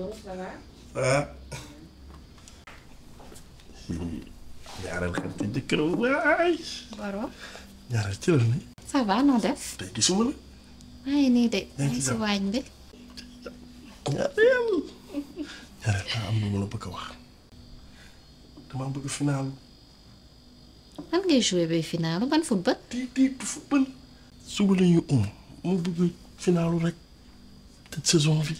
Bon, ça va ah. ñaareel xaritu jëkkër waay. baro. ñaareel ci la nii. ça va noo def. tey gisuma la. maa ngi nii de. yaa ngi si waañ bi. ñaareel. ñaareel daa am lu ma la bëgg a wax. dama bëgg final. lan ngay joué bay final ban football. tey tey du football. suba la ñuy um. mu bëgg finalu rek. tëj saison bi.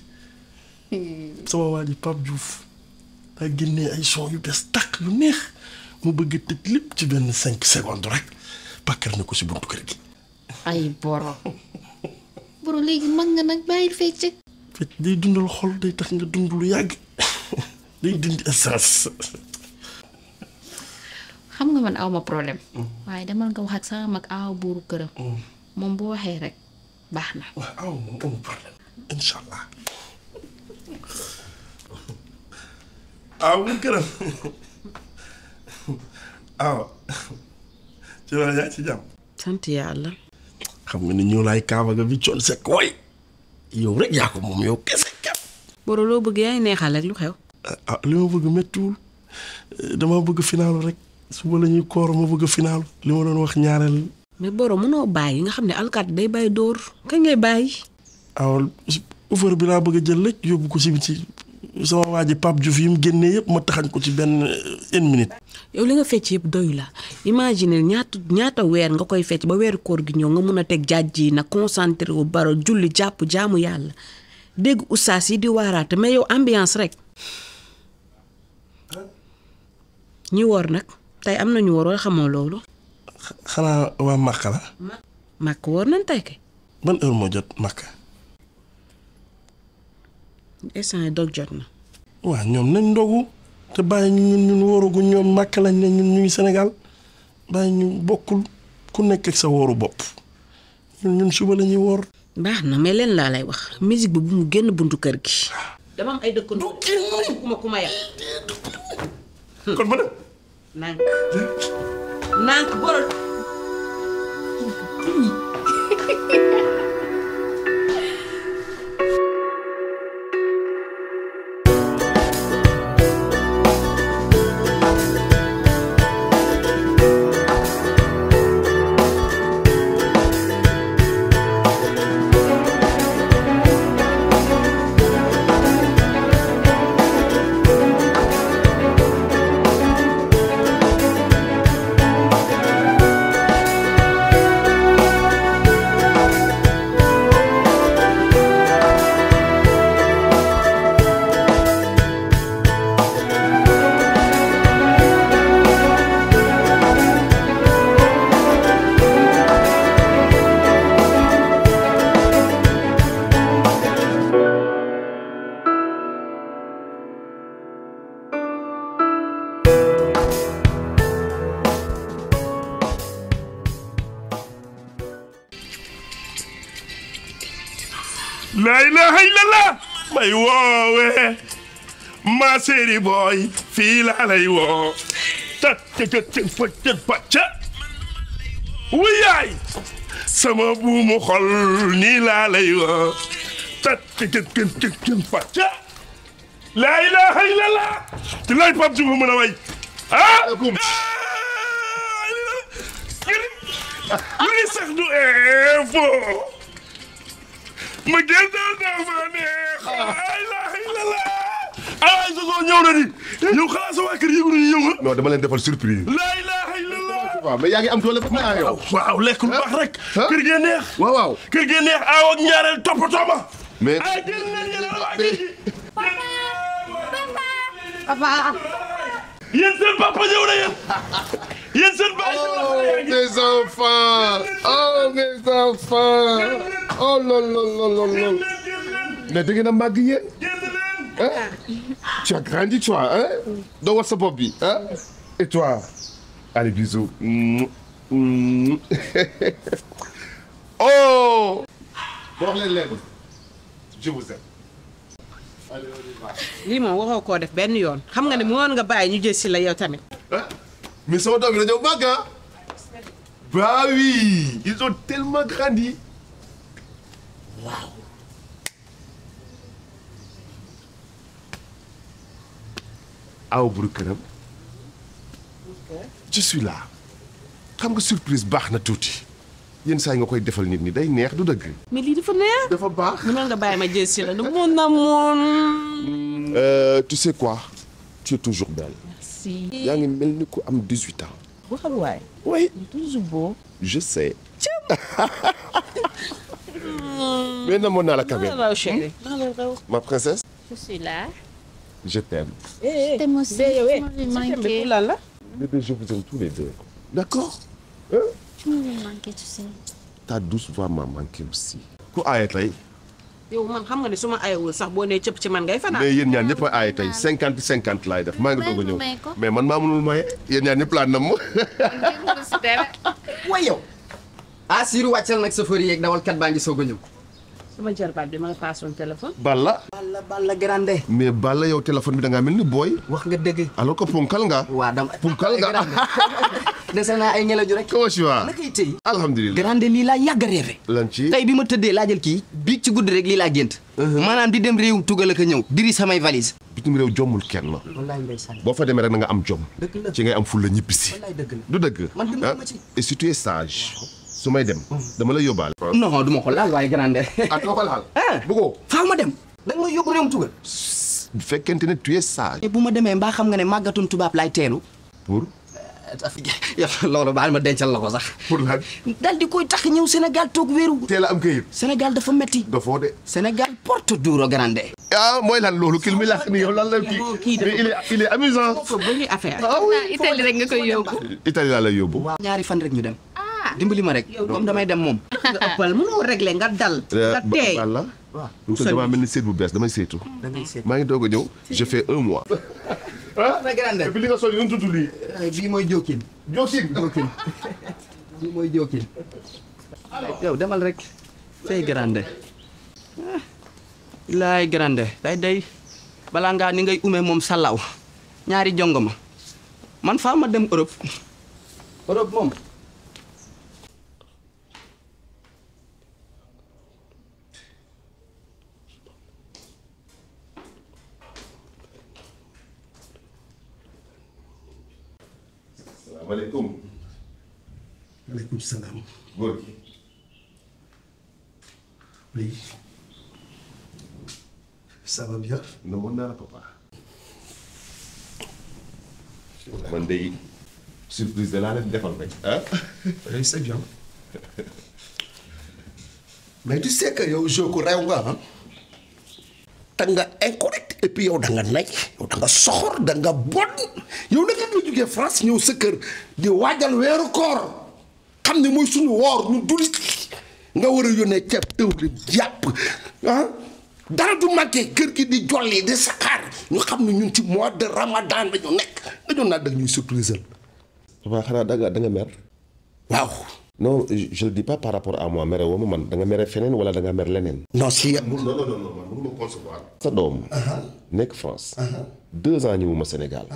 sama waa ji Pape Diouf daa génnee ay son yu bees tàq yu neex mu bëgg tëj lépp ci benn cinq secondes rek pàkkar na ko si buntu kër gi. ay boro. boro léegi mag nga nag bàyyil fecc. fecc day dundal xol day tax nga dund lu yàgg day dindi essence. xam nga man aw ma problème. Mm. waaye demal nga wax ak sama mag aw buuru këram. Mm. moom boo waxee rek baax na. ah bu këram waaw ci wàllu yaa jàmm. sant yàlla. xam nga ni ñëw laay kaaba ga bi coon sa koy yow rek yaa ko moom yow kese kat. Boro loo bëgg yaay neexal rek lu xew. ah, ah li ma bëgg méttiwul eh, dama bëgg finaalu rek suba la ñuy koor ma bëgg finaalu li ma doon wax ñaareel. mais Boro mënoo bàyyi nga xam ne alkaat day bàyyi dóor kañ ngay bàyyi. Ah, offeur bi laa bëgg a jël rek yóbbu ko si ci sama waa ji Pape Diouf yi mu génnee yëpp ma taxañ ko ci benn euh, une minute. yow li nga fecc yëpp doyu la imagine ñaata weer nga koy fecc ba weeru koor gi ñëw nga mun a teg jaaj ji nag concentré wu baro julli jàpp jaamu yàlla dégg ustaas yi di waaraate mais yow ambiance rek. ñi war nag tey am na ñu woor xamoo loolu. xanaa waa Màkka la. Màkka woor nañ tey kay. ban heure moo jot Màkka. instant dog jot na. waaw ñoom nañ ndogu te bàyyi ñu ñun ñun wóorugu ñoom màkk lañ ne ñun ñu ngi Sénégal bàyyi ñu bokkul ku nekk ak sa wóoru bopp ñun ñun suba la ñuy wóor. baax na mais leen laa lay wax. musique bi bu mu génn buntu kër gi. Ah. dama am ay dëkkandoo ku ma ku ma yàq. kon ilaha illallah may woowee maa séeri booy fii laa lay woo ta tëtëtëtëtët pacca wuyaay sama buumu xol nii laa lay woo ta tëtëtëtëtët pacca laa ilaha illallah ti lay pap jubu mën a way ah li ah! sax du info ma génnoon naa fa neex. Ah. ay na ni. yow xalaat waa kër yëngu nañu ñëw nga. non dama leen surprise. la ilaha illallah. waaw mais yaa ngi am doole ba naa yow. Ah, waaw lekk lu baax ah. kër gee neex. waaw waaw kër gee neex aaw ak ñaareel toppatoo ma. mais ay jël nañ yéen waa kii gi. papa papa. papa. yéen seen papa ñëw na yéen. yéen seen bàyyi oh mes enfants oh mes enfants oh lool lool lool lool mais da ngeen a màgg yéen tu as grandi toi hein doo war sa bi hein et toi allez bisous oh wax leen leen je waxoo koo def benn yoon xam nga ne mënoon nga bàyyi ñu jël si la yow tamit mais sama doom yi dañoo màgg ah. bah aw buru këram. je suis xam nga surprise baax na tuuti. yenn saa yi nga koy defal nit ñi day neex du dëgg. mais lii dafa neex. dafa baax mënoon nga bàyyi ma jël si la du mun na moon. Euh, tu sais quoi. tu es toujours belle. merci. yaa ngi mel ni ku am 18 ans. waxal waay. oui toujours beau. je sais. mais namoon naa la quand même. ma princesse. je suis là. je t'aime. Eh, eh. je t'aime aussi. je la. bébé je vous aime tous les deux. d'accord. tu m'as manqué tu sais. ta douce voix m'a manqué aussi. ku aaya tey. yow man xam nga ne su ma ayewul sax boo nee cëpp ci man ngay fanaan. mais yéen ñaar ñëpp a aaye tey cinquante cinquante laay def maa ngi doog a ñëw mais man maa mënul maye yéen ñaar ñëpp laa nam ma. waaye yow. Ah, wàccal nag chauffeur yeeg dawalkat baa ngi soog a ñëw. sama jarbaat bi ma la Balla. Balla Balla grande. mais Balla yow téléphone bi da ngaa mel ni booy. wax nga dëgg. alors que punkal nga. punkal nga. dese naa ay ñelaju rek. comment tu vas nakay tey. alhamdulilah grande lii laa yàgg a rêvé. lan ci bi ma tëddee laa jël kii. bi ci guddi rek lii laa gént. Uh-huh. maanaam di dem réew tugal ak a ñëw. diri samay valise bitim réew jommul kenn. boo fa demee rek na nga am jom. ci ngay am ful la ñibbisi. du dëgg. man ah, et si tu es sage. su may dem uh-huh. dama la yóbbaale. non du ma ko laal waaye grande. ah doo ko laal. Ah. bëggoo faaw ma dem. da nga yóbbu réewum tugal. bu fekkente ne tu es bu ma demee mbaa xam nga ne màggatum tubaab laay teelu pour. loolu baal ma dencal la ko sax. pour lan daal di koy tax ñëw Sénégal toog wéeru. teel a am këyit. Sénégal dafa metti dafoo de. Sénégal porte duro grande. ah mooy lan loolu kii la ni yow lan la kii mais il est il est amusant. bëri ah nga koy yóbbu. Italie laa lay yóbbu. ñaari fan rek ñu dem. Ah. dimbali ma rek moom damay dem moom. nga ëppal mënoo régler nga dal. Eh, nga teey la waaw. damaa mel ni seet bu bees damay seetu. maa ngi doog a ñëw je fais un mois. ah et puis li nga sori nu mu bii euh, mooy Jokin. Jokin Jokin. mooy Jokin. yow demal rek. tey grande. Ah, laay grande. day day balaa ngaa ni ngay umee moom salaw ñaari jongo ma man faa ma dem Europe. Europe moom. asalaamaaleykum. maaleykum salaam. góor gi. oui. ça va bien. non mën naa la papa. man de surprise de laa leen defal rek ah. oui c'est bien. mais tu sais que yow Jokal rew nga ah. te nga incorrect et puis yow danga nga nay yow da nga soxor da bon yow naka nga jógee France ñëw sa kër di waajal weeru koor xam ne mooy suñu woor ñu dul nga war a yónnee ceeb tëwli jàpp ah dara du manqué kër gi di jolli di saxaar ñu xam ne ñun ci mois de ramadan la ñu nekk nga doon naa dag ñuy surprise. waaw xanaa da nga da nga mer. waaw. non je le dis par rapport à moi mere woo ma man da nga mere feneen wala da nga mere leneen. non si. non non non man mënuma concevoir. sa doom. Ah, ah. nekk France. Ah, deux ans ñëwuma Sénégal.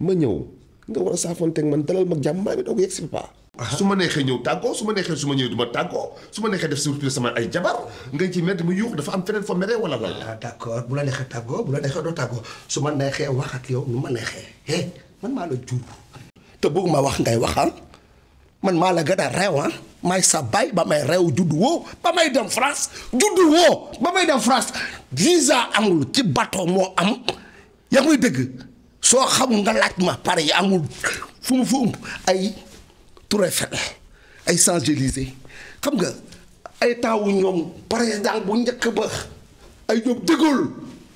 ma ñëw nga war a saafoonteeg man dalal mag jàmm maa ngi doog yegg si papa. su ma neexee ñëw tàggoo su ma neexee su ma ñëwee du ma tàggoo su ma neexee def surprise sama ay jabar nga ci medd mu yuux dafa am feneen fa mere wala lan la. d'accord bu la neexee tàggoo bu la neexee doo tàggoo su ma neexee wax ak yow nu ma neexee eh man maa la jur. te bëgguma wax ngay waxal. man maa la gën a réew ah. may sa baay ba may réew juddu woo ba may dem France juddu woo ba may dem France visa amul ci bato moo am yaa ngi dëgg soo xamul nga laaj ma pare amul fu ay Tour Eiffel xam nga ay temps wu ñoom président bu njëkk ba ay ñoom De Gaulle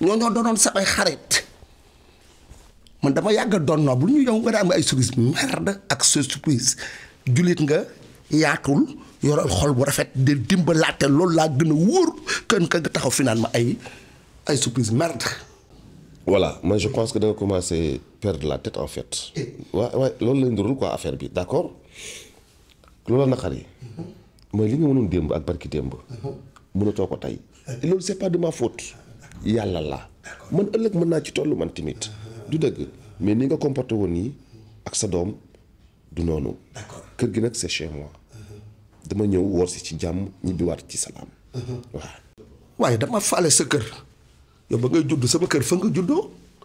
ñoo ñoo doonoon samay xarit man dama yàgg doon noonu bu ñu yow nga daan am ay surprise merde ak surprise jullit nga yaatul yoral xol bu rafet de dimbalaate loolu laa gën a wóor kën ka taxaw fi naan ma ay ay surprise merde. voilà man je pense que da nga commencé perdre la tête en fait. waaw loolu lañ durul ko affaire bi d' accord loola naqar yi mhm. mooy li nga mënoon démb ak barki démb. Mhm. mënatoo ko tey. loolu c' est ma faute. yàlla la man ëllëg mën naa ci toll man tamit. Mhm. du dëgg mais ni nga comporté woon nii ak sa doom du noonu. kër gi nag c'est chez dama ñëw woor si ci jàmm ñibbiwaat ci salaam. waaw. waaye dama faale sa kër yow ba ngay judd sama kër fa nga juddoo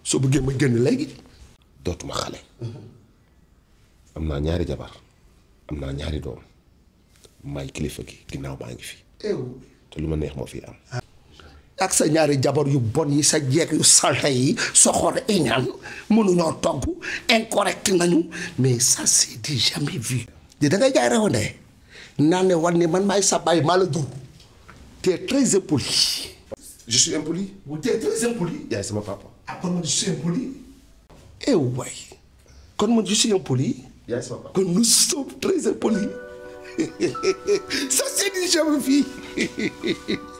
soo bëggee ma génn léegi. dootuma xale. am naa ñaari jabar am naa ñaari doom maay kilifa gi ginnaaw baa ngi fi. te lu ma neex moo fi am. ak sa ñaari jabar yu bon yi sa jeeg yu salte yi soxor iñaan mënuñoo togg incorrect nañu mais ça c'est du jamais vu. di da ngay jaay rawande naan ne war man maay sa maa la jur te très impoli. je suis impoli. bu te très impoli. yaay ah, kon man je suis impoli. Eh, kon man je suis impoli. yaay sama papa kon nous sommes